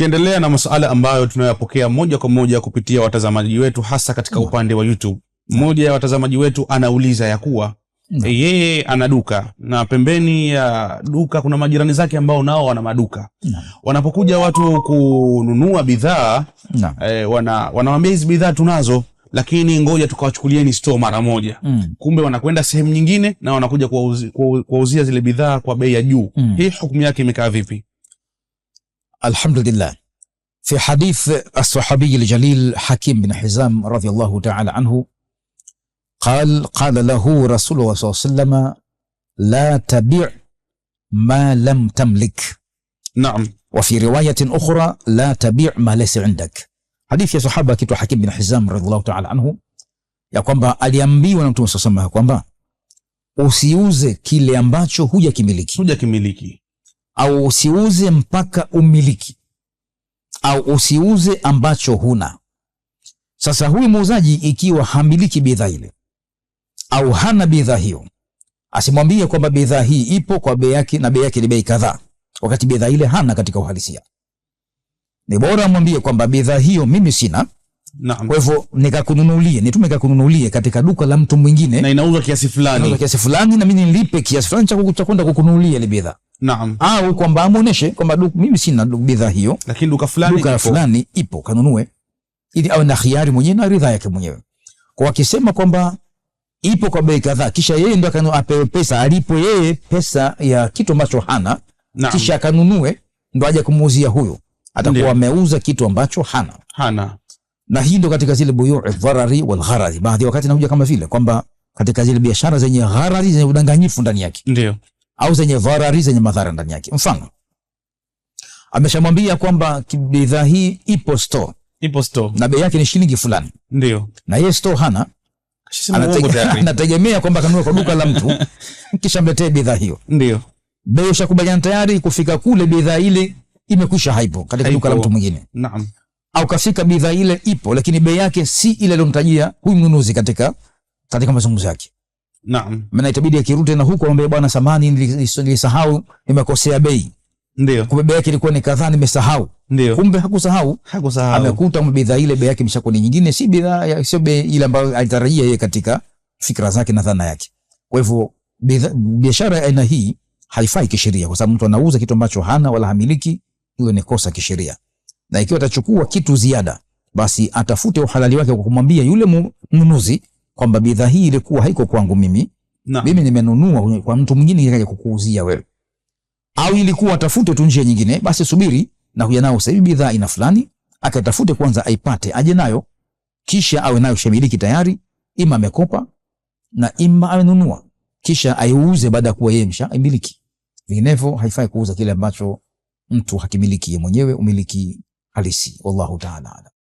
tukiendelea na masuala ambayo tunayapokea moja kwa moja kupitia watazamaji wetu hasa katika mm. upande wa youtube mmoja ya watazamaji wetu anauliza ya kuwa mm. yeye ana duka na pembeni ya duka kuna majirani zake ambao nao wana maduka na. Mm. Wanapokuja watu kununua bidhaa eh, wana, wanawambia hizi bidhaa tunazo, lakini ngoja tukawachukulieni store mara moja mm. Kumbe wanakwenda sehemu nyingine na wanakuja kuwauzia zile bidhaa kwa bei ya juu mm. Hii hukumu yake imekaa vipi? الحمد لله في حديث الصحابي الجليل حكيم بن حزام رضي الله تعالى عنه قال قال له رسول الله صلى الله عليه وسلم لا تبيع ما لم تملك نعم وفي رواية أخرى لا تبيع ما ليس عندك حديث يا صحابة كتو حكيم بن حزام رضي الله تعالى عنه يا كومبا أليمبي ونمتو صلى الله عليه وسلم يا هو usiuze kile هو hujakimiliki hujakimiliki au usiuze mpaka umiliki au usiuze ambacho huna. Sasa huyu muuzaji ikiwa hamiliki bidhaa ile au hana bidhaa hiyo, asimwambie kwamba bidhaa hii ipo kwa bei yake na bei yake ni bei kadhaa, wakati bidhaa ile hana katika uhalisia. Ni bora amwambie kwamba bidhaa hiyo mimi sina kwa hivyo nikakununulie, nitume kakununulie katika duka la mtu mwingine, na inauzwa kiasi fulani, inauzwa kiasi fulani, na mimi nilipe kiasi fulani cha kwenda kukununulia ile bidhaa. Naam. Au ah, kwamba amuoneshe kwamba mimi sina bidhaa hiyo, lakini duka fulani duka fulani ipo, kanunue, ili awe na khiari mwenyewe na ridhaa yake mwenyewe. Kwa akisema kwamba ipo kwa bei kadhaa, kisha yeye ndio akanunua, apewe pesa, alipo yeye pesa ya kitu ambacho hana, Naam. kisha akanunue, ndo aje kumuuzia huyo, atakuwa ameuza kitu ambacho hana hana. Na hii ndo katika zile buyu'i dharari wal gharari, baadhi wakati nakuja kama vile kwamba katika zile biashara zenye gharari zenye udanganyifu ndani yake, ndio au zenye varari zenye madhara ndani yake. Mfano, ameshamwambia kwamba bidhaa hii ipo store, ipo store na bei yake ni shilingi fulani, ndio na yeye store hana anategemea kwamba kanunua kwa duka la mtu kisha mletee bidhaa hiyo, ndio bei ushakubaliana tayari. Kufika kule bidhaa ile imekwisha, haipo katika duka la mtu mwingine. Naam, au kafika bidhaa ile ipo, lakini bei yake si ile aliyomtajia huyu mnunuzi katika katika mazungumzo yake. Naam. Maana itabidi akirudi tena huko bwana samani nilisahau nimekosea bei. Ndio. Kumbe bei yake ilikuwa ni kadhaa nimesahau. Ndio. Kumbe hakusahau. Hakusahau. Amekuta bidhaa ile bei yake imeshakuwa ni nyingine si bidhaa sio bei ile ambayo alitarajia yeye katika fikra zake na dhana yake. Kwa hivyo biashara ya aina hii haifai kisheria kwa sababu mtu anauza kitu ambacho hana wala hamiliki, hiyo ni kosa kisheria. Na ikiwa atachukua kitu ziada, basi atafute uhalali wake kwa kumwambia yule mnunuzi kwamba bidhaa hii ilikuwa haiko kwangu mimi na. mimi nimenunua kwa mtu mwingine kaja kukuuzia wewe, au ilikuwa atafute tu njia nyingine, basi subiri na huja nao sasa hivi bidhaa ina fulani, akatafute kwanza aipate, aje nayo kisha awe nayo shamiliki tayari, ima amekopa na ima amenunua, kisha aiuze baada ya kuwa yeye mshamiliki. Vinginevyo haifai kuuza kile ambacho mtu hakimiliki mwenyewe, umiliki halisi. Wallahu taala